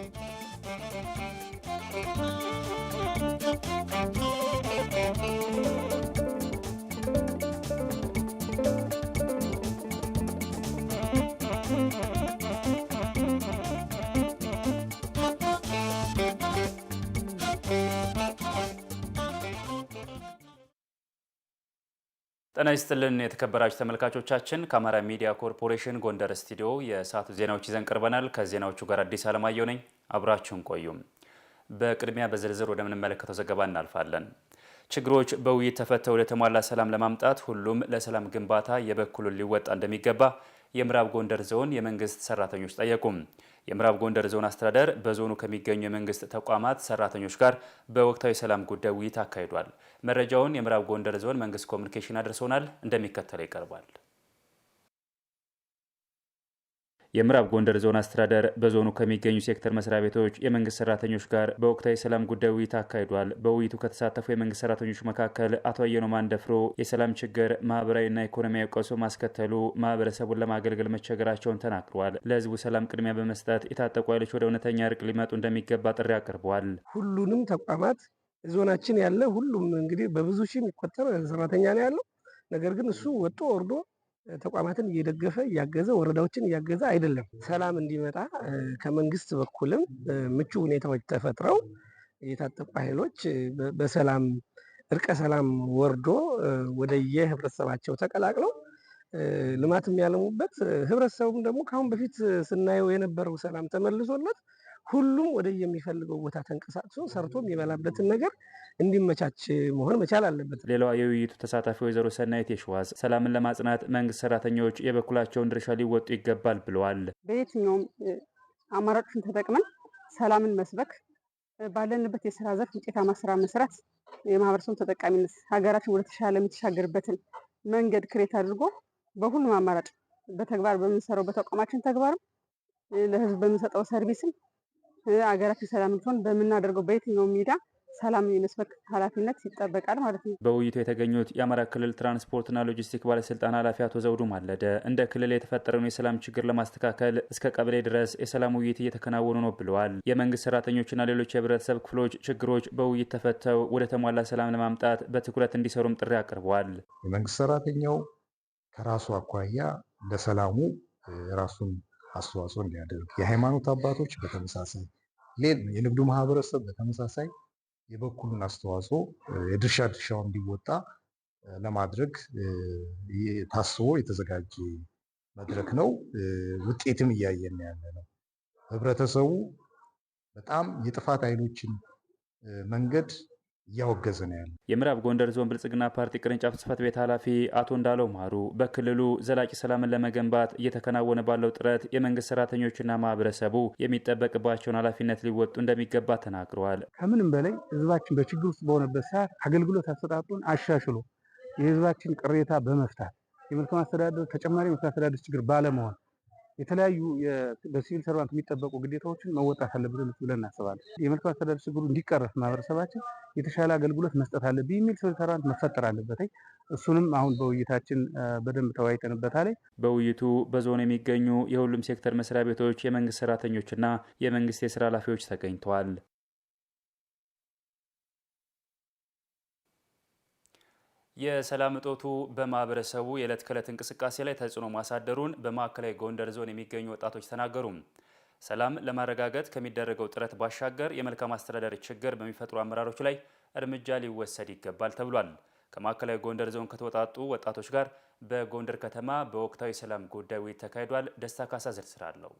Okay. ጤና ይስጥልን የተከበራችሁ ተመልካቾቻችን፣ ከአማራ ሚዲያ ኮርፖሬሽን ጎንደር ስቱዲዮ የሰዓቱ ዜናዎች ይዘን ቀርበናል። ከዜናዎቹ ጋር አዲስ አለማየሁ ነኝ። አብራችሁን ቆዩ። በቅድሚያ በዝርዝር ወደምንመለከተው ዘገባ እናልፋለን። ችግሮች በውይይት ተፈተው ወደ ተሟላ ሰላም ለማምጣት ሁሉም ለሰላም ግንባታ የበኩሉን ሊወጣ እንደሚገባ የምዕራብ ጎንደር ዞን የመንግስት ሰራተኞች ጠየቁ። የምዕራብ ጎንደር ዞን አስተዳደር በዞኑ ከሚገኙ የመንግስት ተቋማት ሰራተኞች ጋር በወቅታዊ ሰላም ጉዳይ ውይይት አካሂዷል። መረጃውን የምዕራብ ጎንደር ዞን መንግስት ኮሚኒኬሽን አድርሶናል፣ እንደሚከተለው ይቀርባል። የምዕራብ ጎንደር ዞን አስተዳደር በዞኑ ከሚገኙ ሴክተር መስሪያ ቤቶች የመንግስት ሰራተኞች ጋር በወቅታዊ ሰላም ጉዳይ ውይይት አካሂዷል። በውይይቱ ከተሳተፉ የመንግስት ሰራተኞች መካከል አቶ አየኖ ማንደፍሮ የሰላም ችግር ማህበራዊና ኢኮኖሚያዊ ቀውስ ማስከተሉ ማህበረሰቡን ለማገልገል መቸገራቸውን ተናግረዋል። ለህዝቡ ሰላም ቅድሚያ በመስጠት የታጠቁ ኃይሎች ወደ እውነተኛ እርቅ ሊመጡ እንደሚገባ ጥሪ አቅርበዋል። ሁሉንም ተቋማት ዞናችን ያለ ሁሉም እንግዲህ በብዙ ሺህ የሚቆጠር ሰራተኛ ነው ያለው። ነገር ግን እሱ ወጦ ወርዶ ተቋማትን እየደገፈ እያገዘ ወረዳዎችን እያገዘ አይደለም። ሰላም እንዲመጣ ከመንግስት በኩልም ምቹ ሁኔታዎች ተፈጥረው የታጠቁ ኃይሎች በሰላም እርቀ ሰላም ወርዶ ወደየ ህብረተሰባቸው ተቀላቅለው ልማት የሚያለሙበት ህብረተሰቡም ደግሞ ከአሁን በፊት ስናየው የነበረው ሰላም ተመልሶለት ሁሉም ወደ የሚፈልገው ቦታ ተንቀሳቅሶ ሰርቶ የሚበላበትን ነገር እንዲመቻች መሆን መቻል አለበት። ሌላዋ የውይይቱ ተሳታፊ ወይዘሮ ሰናይት የሸዋስ ሰላምን ለማጽናት መንግስት ሰራተኞች የበኩላቸውን ድርሻ ሊወጡ ይገባል ብለዋል። በየትኛውም አማራጮችን ተጠቅመን ሰላምን መስበክ፣ ባለንበት የስራ ዘርፍ ውጤታማ ስራ መስራት፣ የማህበረሰቡን ተጠቃሚነት ሀገራችን ተሻለ የምትሻገርበትን መንገድ ክሬት አድርጎ በሁሉም አማራጭ በተግባር በምንሰራው በተቋማችን ተግባርም ለህዝብ በምንሰጠው ሰርቪስም አገራችን ሰላም እንዲሆን በምናደርገው በየትኛው ሜዳ ሰላም የመስበክ ኃላፊነት ይጠበቃል ማለት ነው። በውይይቱ የተገኙት የአማራ ክልል ትራንስፖርትና ሎጂስቲክ ባለስልጣን ኃላፊ አቶ ዘውዱ ማለደ እንደ ክልል የተፈጠረውን የሰላም ችግር ለማስተካከል እስከ ቀበሌ ድረስ የሰላም ውይይት እየተከናወኑ ነው ብለዋል። የመንግስት ሰራተኞችና ሌሎች የህብረተሰብ ክፍሎች ችግሮች በውይይት ተፈተው ወደ ተሟላ ሰላም ለማምጣት በትኩረት እንዲሰሩም ጥሪ አቅርበዋል። የመንግስት ሰራተኛው ከራሱ አኳያ ለሰላሙ ራሱን አስተዋጽኦ እንዲያደርግ የሃይማኖት አባቶች በተመሳሳይ የንግዱ ማህበረሰብ በተመሳሳይ የበኩሉን አስተዋጽኦ የድርሻ ድርሻው እንዲወጣ ለማድረግ ታስቦ የተዘጋጀ መድረክ ነው። ውጤትም እያየን ያለ ነው። ህብረተሰቡ በጣም የጥፋት ኃይሎችን መንገድ እያወገዘ ነው ያለ የምዕራብ ጎንደር ዞን ብልጽግና ፓርቲ ቅርንጫፍ ጽህፈት ቤት ኃላፊ አቶ እንዳለው ማሩ በክልሉ ዘላቂ ሰላምን ለመገንባት እየተከናወነ ባለው ጥረት የመንግስት ሰራተኞችና ማህበረሰቡ የሚጠበቅባቸውን ኃላፊነት ሊወጡ እንደሚገባ ተናግረዋል። ከምንም በላይ ህዝባችን በችግር ውስጥ በሆነበት ሰዓት አገልግሎት አሰጣጡን አሻሽሎ የህዝባችን ቅሬታ በመፍታት የመልካም አስተዳደር ተጨማሪ የመልካም አስተዳደር ችግር ባለመሆን የተለያዩ በሲቪል ሰርቫንት የሚጠበቁ ግዴታዎችን መወጣት አለብን ብለን እናስባለን። የመልካም አስተዳደር ችግሩ እንዲቀረፍ ማህበረሰባችን የተሻለ አገልግሎት መስጠት አለብ የሚል ሲቪል ሰርቫንት መፈጠር አለበት። እሱንም አሁን በውይይታችን በደንብ ተወያይተንበታል። በውይይቱ በዞን የሚገኙ የሁሉም ሴክተር መስሪያ ቤቶች የመንግስት ሰራተኞችና የመንግስት የስራ ኃላፊዎች ተገኝተዋል። የሰላም እጦቱ በማህበረሰቡ የዕለት ከዕለት እንቅስቃሴ ላይ ተጽዕኖ ማሳደሩን በማዕከላዊ ጎንደር ዞን የሚገኙ ወጣቶች ተናገሩ። ሰላም ለማረጋገጥ ከሚደረገው ጥረት ባሻገር የመልካም አስተዳደር ችግር በሚፈጥሩ አመራሮች ላይ እርምጃ ሊወሰድ ይገባል ተብሏል። ከማዕከላዊ ጎንደር ዞን ከተወጣጡ ወጣቶች ጋር በጎንደር ከተማ በወቅታዊ ሰላም ጉዳይ ውይይት ተካሂዷል። ደስታ ካሳ ዝርዝር አለው።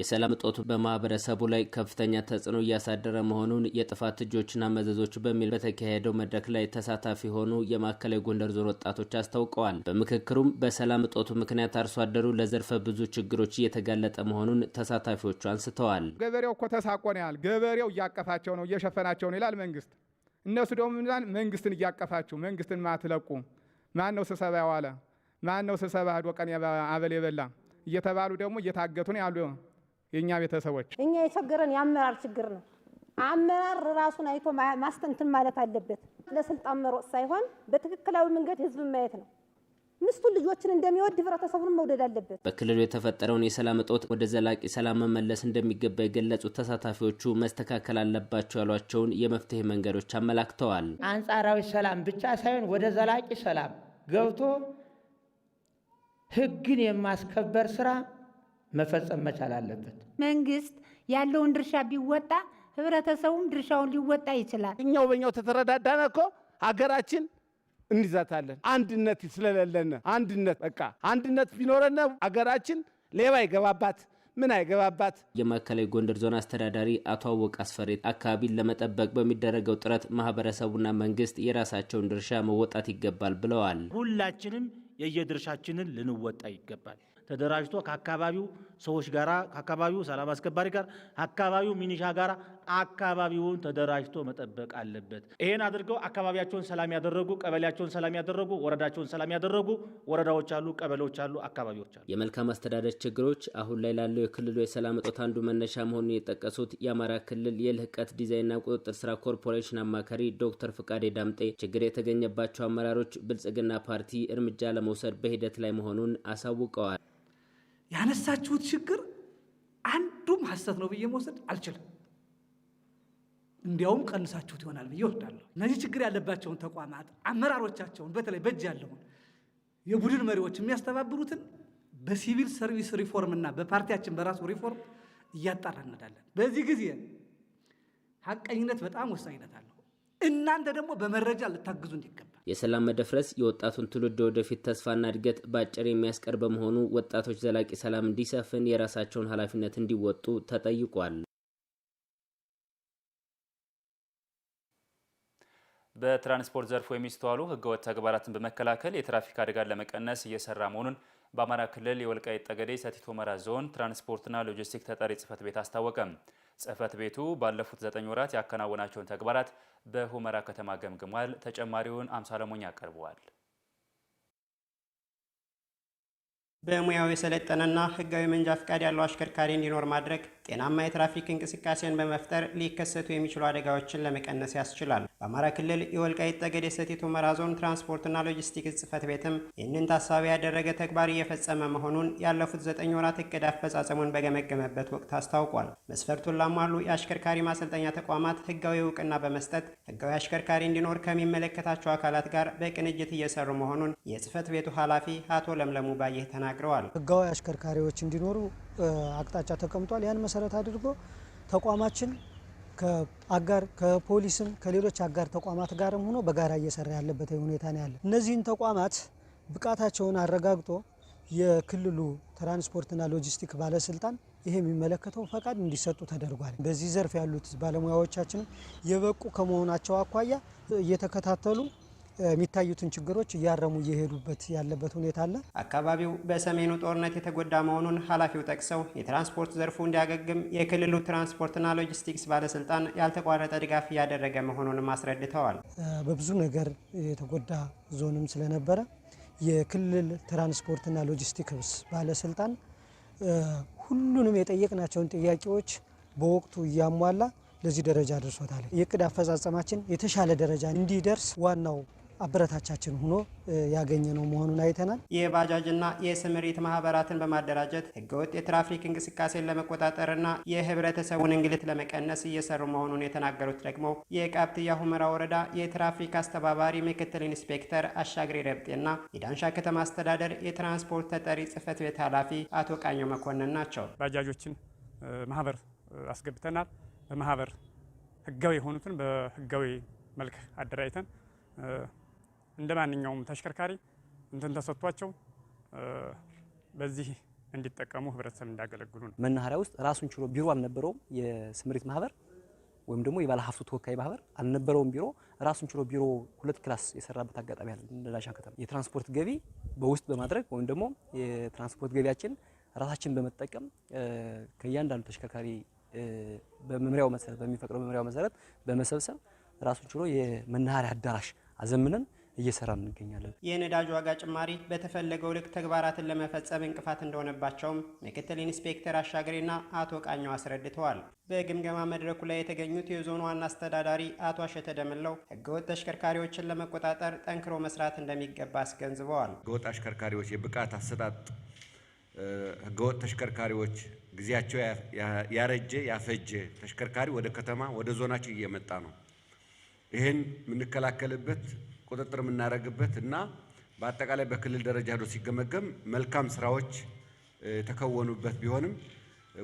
የሰላም እጦቱ በማህበረሰቡ ላይ ከፍተኛ ተጽዕኖ እያሳደረ መሆኑን የጥፋት እጆችና መዘዞች በሚል በተካሄደው መድረክ ላይ ተሳታፊ ሆኑ የማዕከላዊ ጎንደር ዞን ወጣቶች አስታውቀዋል። በምክክሩም በሰላም እጦቱ ምክንያት አርሶ አደሩ ለዘርፈ ብዙ ችግሮች እየተጋለጠ መሆኑን ተሳታፊዎቹ አንስተዋል። ገበሬው እኮ ተሳቆ ነው ያል ገበሬው እያቀፋቸው ነው እየሸፈናቸው ነው ይላል መንግስት። እነሱ ደግሞ ምናል መንግስትን እያቀፋችሁ መንግስትን ማትለቁ ማን ነው ስብሰባ የዋለ ማን ነው ስብሰባ ሄዶ ቀን አበል የበላ እየተባሉ ደግሞ እየታገቱ ነው ያሉ የእኛ ቤተሰቦች እኛ የቸገረን የአመራር ችግር ነው። አመራር ራሱን አይቶ ማስተንትን ማለት አለበት። ለስልጣን መሮጥ ሳይሆን በትክክላዊ መንገድ ህዝብ ማየት ነው። ምስቱን ልጆችን እንደሚወድ ህብረተሰቡን መውደድ አለበት። በክልሉ የተፈጠረውን የሰላም እጦት ወደ ዘላቂ ሰላም መመለስ እንደሚገባ የገለጹት ተሳታፊዎቹ መስተካከል አለባቸው ያሏቸውን የመፍትሄ መንገዶች አመላክተዋል። አንጻራዊ ሰላም ብቻ ሳይሆን ወደ ዘላቂ ሰላም ገብቶ ህግን የማስከበር ስራ መፈጸም መቻል አለበት። መንግስት ያለውን ድርሻ ቢወጣ ህብረተሰቡም ድርሻውን ሊወጣ ይችላል። እኛው በኛው ተተረዳዳነ እኮ ሀገራችን እንይዛታለን። አንድነት ስለሌለን አንድነት በቃ አንድነት ቢኖረን ሀገራችን ሌባ ይገባባት ምን አይገባባት። የማዕከላዊ ጎንደር ዞን አስተዳዳሪ አቶ አወቅ አስፈሬ አካባቢን ለመጠበቅ በሚደረገው ጥረት ማህበረሰቡና መንግስት የራሳቸውን ድርሻ መወጣት ይገባል ብለዋል። ሁላችንም የየድርሻችንን ልንወጣ ይገባል። ተደራጅቶ ከአካባቢው ሰዎች ጋራ ከአካባቢው ሰላም አስከባሪ ጋር አካባቢው ሚኒሻ ጋር አካባቢውን ተደራጅቶ መጠበቅ አለበት። ይህን አድርገው አካባቢያቸውን ሰላም ያደረጉ፣ ቀበሌያቸውን ሰላም ያደረጉ፣ ወረዳቸውን ሰላም ያደረጉ ወረዳዎች አሉ፣ ቀበሌዎች አሉ፣ አካባቢዎች አሉ። የመልካም አስተዳደር ችግሮች አሁን ላይ ላለው የክልሉ የሰላም እጦት አንዱ መነሻ መሆኑን የጠቀሱት የአማራ ክልል የልህቀት ዲዛይንና ቁጥጥር ስራ ኮርፖሬሽን አማካሪ ዶክተር ፍቃዴ ዳምጤ ችግር የተገኘባቸው አመራሮች ብልጽግና ፓርቲ እርምጃ ለመውሰድ በሂደት ላይ መሆኑን አሳውቀዋል። ያነሳችሁት ችግር አንዱም ሐሰት ነው ብዬ መውሰድ አልችልም። እንዲያውም ቀንሳችሁት ይሆናል ብዬ ወስዳለሁ። እነዚህ ችግር ያለባቸውን ተቋማት አመራሮቻቸውን፣ በተለይ በእጅ ያለውን የቡድን መሪዎች የሚያስተባብሩትን በሲቪል ሰርቪስ ሪፎርም እና በፓርቲያችን በራሱ ሪፎርም እያጣራ እንሄዳለን። በዚህ ጊዜ ሀቀኝነት በጣም ወሳኝነት አለው። እናንተ ደግሞ በመረጃ ልታግዙ እንዲገባ የሰላም መደፍረስ የወጣቱን ትውልድ ወደፊት ተስፋና እድገት በአጭር የሚያስቀር በመሆኑ ወጣቶች ዘላቂ ሰላም እንዲሰፍን የራሳቸውን ኃላፊነት እንዲወጡ ተጠይቋል። በትራንስፖርት ዘርፎ የሚስተዋሉ ህገወጥ ተግባራትን በመከላከል የትራፊክ አደጋን ለመቀነስ እየሰራ መሆኑን በአማራ ክልል የወልቃይት ጠገዴ ሰቲት ሁመራ ዞን ትራንስፖርትና ሎጂስቲክ ተጠሪ ጽህፈት ቤት አስታወቀም። ጽህፈት ቤቱ ባለፉት ዘጠኝ ወራት ያከናወናቸውን ተግባራት በሁመራ ከተማ ገምግሟል። ተጨማሪውን አምሳለሞኝ አቀርበዋል። በሙያው የሰለጠነና ህጋዊ መንጃ ፍቃድ ያለው አሽከርካሪ እንዲኖር ማድረግ ጤናማ የትራፊክ እንቅስቃሴን በመፍጠር ሊከሰቱ የሚችሉ አደጋዎችን ለመቀነስ ያስችላል። በአማራ ክልል የወልቃይት ጠገዴ ሰቲት ሁመራ ዞን ትራንስፖርትና ሎጂስቲክስ ጽፈት ቤትም ይህንን ታሳቢ ያደረገ ተግባር እየፈጸመ መሆኑን ያለፉት ዘጠኝ ወራት እቅድ አፈጻጸሙን በገመገመበት ወቅት አስታውቋል። መስፈርቱን ላሟሉ የአሽከርካሪ ማሰልጠኛ ተቋማት ህጋዊ እውቅና በመስጠት ህጋዊ አሽከርካሪ እንዲኖር ከሚመለከታቸው አካላት ጋር በቅንጅት እየሰሩ መሆኑን የጽህፈት ቤቱ ኃላፊ አቶ ለምለሙ ባየህ ተናግረዋል። ህጋዊ አሽከርካሪዎች እንዲኖሩ አቅጣጫ ተቀምጧል። ያን መሰረት አድርጎ ተቋማችን ከአጋር ከፖሊስም ከሌሎች አጋር ተቋማት ጋርም ሆኖ በጋራ እየሰራ ያለበት ሁኔታ ነው ያለ። እነዚህን ተቋማት ብቃታቸውን አረጋግጦ የክልሉ ትራንስፖርትና ሎጂስቲክ ባለስልጣን ይሄ የሚመለከተው ፈቃድ እንዲሰጡ ተደርጓል። በዚህ ዘርፍ ያሉት ባለሙያዎቻችንም የበቁ ከመሆናቸው አኳያ እየተከታተሉ የሚታዩትን ችግሮች እያረሙ እየሄዱበት ያለበት ሁኔታ አለ። አካባቢው በሰሜኑ ጦርነት የተጎዳ መሆኑን ኃላፊው ጠቅሰው የትራንስፖርት ዘርፉ እንዲያገግም የክልሉ ትራንስፖርትና ሎጂስቲክስ ባለስልጣን ያልተቋረጠ ድጋፍ እያደረገ መሆኑንም አስረድተዋል። በብዙ ነገር የተጎዳ ዞንም ስለነበረ የክልል ትራንስፖርትና ሎጂስቲክስ ባለስልጣን ሁሉንም የጠየቅናቸውን ጥያቄዎች በወቅቱ እያሟላ ለዚህ ደረጃ አድርሶታል። የእቅድ አፈጻጸማችን የተሻለ ደረጃ እንዲደርስ ዋናው አበረታቻችን ሆኖ ያገኘ ነው መሆኑን አይተናል። የባጃጅና የስምሪት ማህበራትን በማደራጀት ህገወጥ የትራፊክ እንቅስቃሴን ለመቆጣጠርና የህብረተሰቡን እንግልት ለመቀነስ እየሰሩ መሆኑን የተናገሩት ደግሞ የቀብትያ ሁመራ ወረዳ የትራፊክ አስተባባሪ ምክትል ኢንስፔክተር አሻግሬ ረብጤና የዳንሻ ከተማ አስተዳደር የትራንስፖርት ተጠሪ ጽህፈት ቤት ኃላፊ አቶ ቃኘው መኮንን ናቸው። ባጃጆችን ማህበር አስገብተናል። በማህበር ህጋዊ የሆኑትን በህጋዊ መልክ አደራጅተን እንደ ማንኛውም ተሽከርካሪ እንትን ተሰጥቷቸው በዚህ እንዲጠቀሙ ህብረተሰብ እንዳገለግሉ ነው። መናኸሪያ ውስጥ ራሱን ችሎ ቢሮ አልነበረውም። የስምሪት ማህበር ወይም ደግሞ የባለሀብቱ ተወካይ ማህበር አልነበረውም። ቢሮ ራሱን ችሎ ቢሮ ሁለት ክላስ የሰራበት አጋጣሚ አለ። እንደ ላሻ ከተማ የትራንስፖርት ገቢ በውስጥ በማድረግ ወይም ደግሞ የትራንስፖርት ገቢያችን ራሳችን በመጠቀም ከእያንዳንዱ ተሽከርካሪ በመምሪያው መሰረት በሚፈቅደው መምሪያው መሰረት በመሰብሰብ ራሱን ችሎ የመናኸሪያ አዳራሽ አዘምነን እየሰራን እንገኛለን። የነዳጅ ዋጋ ጭማሪ በተፈለገው ልክ ተግባራትን ለመፈጸም እንቅፋት እንደሆነባቸውም ምክትል ኢንስፔክተር አሻገሬና አቶ ቃኘው አስረድተዋል። በግምገማ መድረኩ ላይ የተገኙት የዞኑ ዋና አስተዳዳሪ አቶ አሸተ ደምለው ህገወጥ ተሽከርካሪዎችን ለመቆጣጠር ጠንክሮ መስራት እንደሚገባ አስገንዝበዋል። ህገወጥ አሽከርካሪዎች የብቃት አሰጣጥ ህገወጥ ተሽከርካሪዎች ጊዜያቸው ያረጀ ያፈጀ ተሽከርካሪ ወደ ከተማ ወደ ዞናቸው እየመጣ ነው። ይህን የምንከላከልበት ቁጥጥር የምናደርግበት እና በአጠቃላይ በክልል ደረጃ ሄዶ ሲገመገም መልካም ስራዎች የተከወኑበት ቢሆንም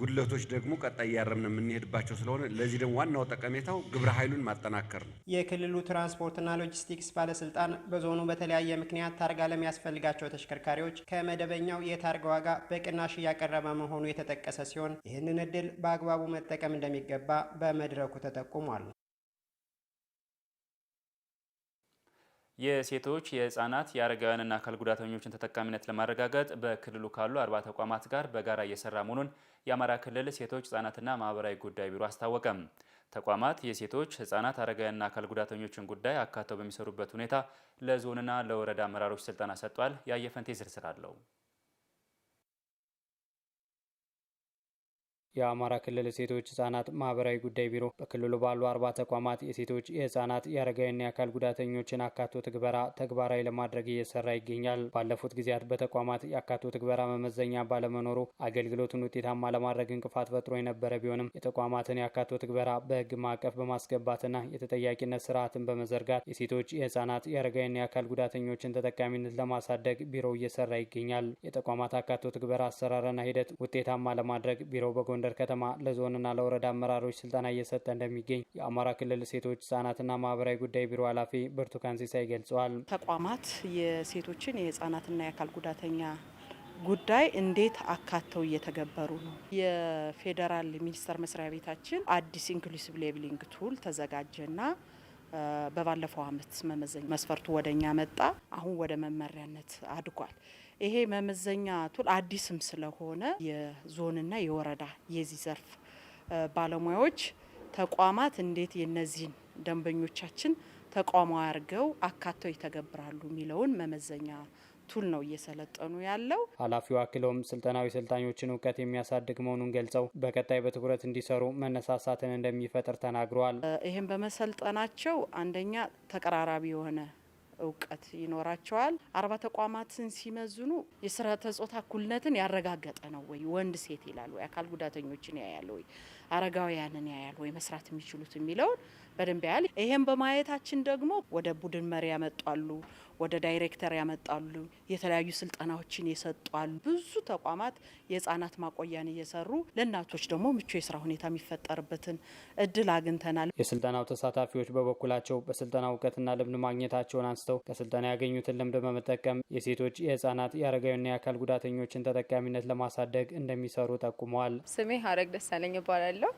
ጉድለቶች ደግሞ ቀጣይ እያረምን የምንሄድባቸው ስለሆነ ለዚህ ደግሞ ዋናው ጠቀሜታው ግብረ ኃይሉን ማጠናከር ነው። የክልሉ ትራንስፖርትና ሎጂስቲክስ ባለስልጣን በዞኑ በተለያየ ምክንያት ታርጋ ለሚያስፈልጋቸው ተሽከርካሪዎች ከመደበኛው የታርጋ ዋጋ በቅናሽ እያቀረበ መሆኑ የተጠቀሰ ሲሆን ይህንን እድል በአግባቡ መጠቀም እንደሚገባ በመድረኩ ተጠቁሟል። የሴቶች የህፃናት የአረጋውያንና አካል ጉዳተኞችን ተጠቃሚነት ለማረጋገጥ በክልሉ ካሉ አርባ ተቋማት ጋር በጋራ እየሰራ መሆኑን የአማራ ክልል ሴቶች ህጻናትና ማህበራዊ ጉዳይ ቢሮ አስታወቀም። ተቋማት የሴቶች ህጻናት፣ አረጋውያንና አካል ጉዳተኞችን ጉዳይ አካተው በሚሰሩበት ሁኔታ ለዞንና ለወረዳ አመራሮች ስልጠና ሰጥቷል። ያየፈንቴ ዝርዝር አለው። የአማራ ክልል ሴቶች ህጻናት ማህበራዊ ጉዳይ ቢሮ በክልሉ ባሉ አርባ ተቋማት የሴቶች የህጻናት የአረጋዊና የአካል ጉዳተኞችን አካቶ ትግበራ ተግባራዊ ለማድረግ እየሰራ ይገኛል። ባለፉት ጊዜያት በተቋማት የአካቶ ትግበራ መመዘኛ ባለመኖሩ አገልግሎቱን ውጤታማ ለማድረግ እንቅፋት ፈጥሮ የነበረ ቢሆንም የተቋማትን የአካቶ ትግበራ በህግ ማዕቀፍ በማስገባትና የተጠያቂነት ስርዓትን በመዘርጋት የሴቶች የህጻናት የአረጋዊና የአካል ጉዳተኞችን ተጠቃሚነት ለማሳደግ ቢሮው እየሰራ ይገኛል። የተቋማት አካቶ ትግበራ አሰራርና ሂደት ውጤታማ ለማድረግ ቢሮው በጎ ጎንደር ከተማ ለዞንና ለወረዳ አመራሮች ስልጠና እየሰጠ እንደሚገኝ የአማራ ክልል ሴቶች ህጻናትና ማህበራዊ ጉዳይ ቢሮ ኃላፊ ብርቱካን ሲሳይ ገልጸዋል። ተቋማት የሴቶችን የህጻናትና የአካል ጉዳተኛ ጉዳይ እንዴት አካተው እየተገበሩ ነው? የፌዴራል ሚኒስቴር መስሪያ ቤታችን አዲስ ኢንክሉሲቭ ሌብሊንግ ቱል ተዘጋጀና በባለፈው ዓመት መመዘኛ መስፈርቱ ወደ እኛ መጣ። አሁን ወደ መመሪያነት አድጓል። ይሄ መመዘኛ ቱል አዲስም ስለሆነ የዞንና የወረዳ የዚህ ዘርፍ ባለሙያዎች ተቋማት እንዴት የነዚህን ደንበኞቻችን ተቋማዊ አድርገው አካተው ይተገብራሉ የሚለውን መመዘኛ ቱል ነው እየሰለጠኑ ያለው። ኃላፊው አክለውም ስልጠናዊ ሰልጣኞችን እውቀት የሚያሳድግ መሆኑን ገልጸው በቀጣይ በትኩረት እንዲሰሩ መነሳሳትን እንደሚፈጥር ተናግረዋል። ይህም በመሰልጠናቸው አንደኛ ተቀራራቢ የሆነ እውቀት ይኖራቸዋል። አርባ ተቋማትን ሲመዝኑ የስርዓተ ጾታ እኩልነትን ያረጋገጠ ነው ወይ፣ ወንድ ሴት ይላል ወይ፣ አካል ጉዳተኞችን ያያል ወይ፣ አረጋውያንን ያያል ወይ፣ መስራት የሚችሉት የሚለውን በደንብ ያያል። ይሄም በማየታችን ደግሞ ወደ ቡድን መሪ ያመጧሉ፣ ወደ ዳይሬክተር ያመጣሉ፣ የተለያዩ ስልጠናዎችን የሰጧሉ። ብዙ ተቋማት የህጻናት ማቆያን እየሰሩ ለእናቶች ደግሞ ምቹ የስራ ሁኔታ የሚፈጠርበትን እድል አግኝተናል። የስልጠናው ተሳታፊዎች በበኩላቸው በስልጠና እውቀትና ልምድ ማግኘታቸውን አንስተው ከስልጠና ያገኙትን ልምድ በመጠቀም የሴቶች የህጻናት፣ የአረጋዊና የአካል ጉዳተኞችን ተጠቃሚነት ለማሳደግ እንደሚሰሩ ጠቁመዋል። ስሜ ሀረግ ደሳለኝ ይባላለሁ።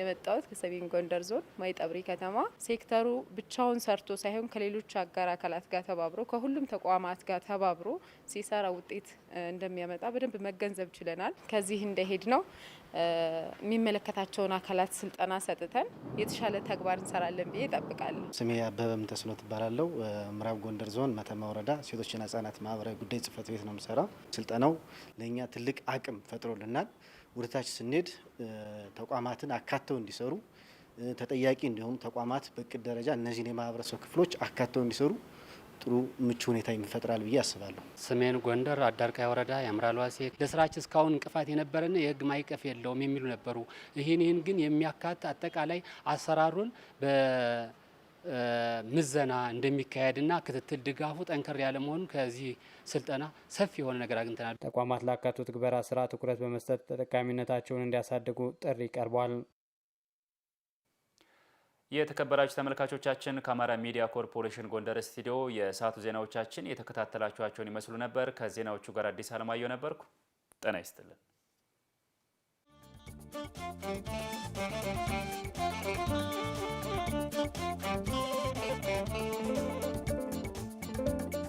የመጣሁት ከሰሜን ጎንደር ዞን ማይጠብሪ ከተማ ሴክተሩ ብቻውን ሰርቶ ሳይሆን ከሌሎች አጋር አካላት ጋር ተባብሮ ከሁሉም ተቋማት ጋር ተባብሮ ሲሰራ ውጤት እንደሚያመጣ በደንብ መገንዘብ ችለናል። ከዚህ እንደሄድ ነው የሚመለከታቸውን አካላት ስልጠና ሰጥተን የተሻለ ተግባር እንሰራለን ብዬ እጠብቃለሁ። ስሜ አበበም ተስኖ ትባላለው። ምዕራብ ጎንደር ዞን መተማ ወረዳ ሴቶችና ህጻናት ማህበራዊ ጉዳይ ጽህፈት ቤት ነው የምሰራው። ስልጠናው ለእኛ ትልቅ አቅም ፈጥሮልናል። ወደ ታች ስንሄድ ተቋማትን አካተው እንዲሰሩ ተጠያቂ እንዲሆኑ ተቋማት በእቅድ ደረጃ እነዚህን የማህበረሰብ ክፍሎች አካተው እንዲሰሩ ጥሩ ምቹ ሁኔታ ይፈጥራል ብዬ አስባለሁ። ሰሜን ጎንደር አዳርቃይ ወረዳ የአምራል ዋሴ ለስራችን እስካሁን እንቅፋት የነበረን የህግ ማይቀፍ የለውም የሚሉ ነበሩ። ይህን ይህን ግን የሚያካት አጠቃላይ አሰራሩን ምዘና እንደሚካሄድና ክትትል ድጋፉ ጠንከር ያለ መሆኑን ከዚህ ስልጠና ሰፊ የሆነ ነገር አግኝተናል። ተቋማት ላካቱ ትግበራ ስራ ትኩረት በመስጠት ተጠቃሚነታቸውን እንዲያሳድጉ ጥሪ ቀርቧል። የተከበራችሁ ተመልካቾቻችን ከአማራ ሚዲያ ኮርፖሬሽን ጎንደር ስቱዲዮ የሰዓቱ ዜናዎቻችን የተከታተላችኋቸውን ይመስሉ ነበር። ከዜናዎቹ ጋር አዲስ አለማየሁ ነበርኩ። ጤና ይስጥልን። Thank you.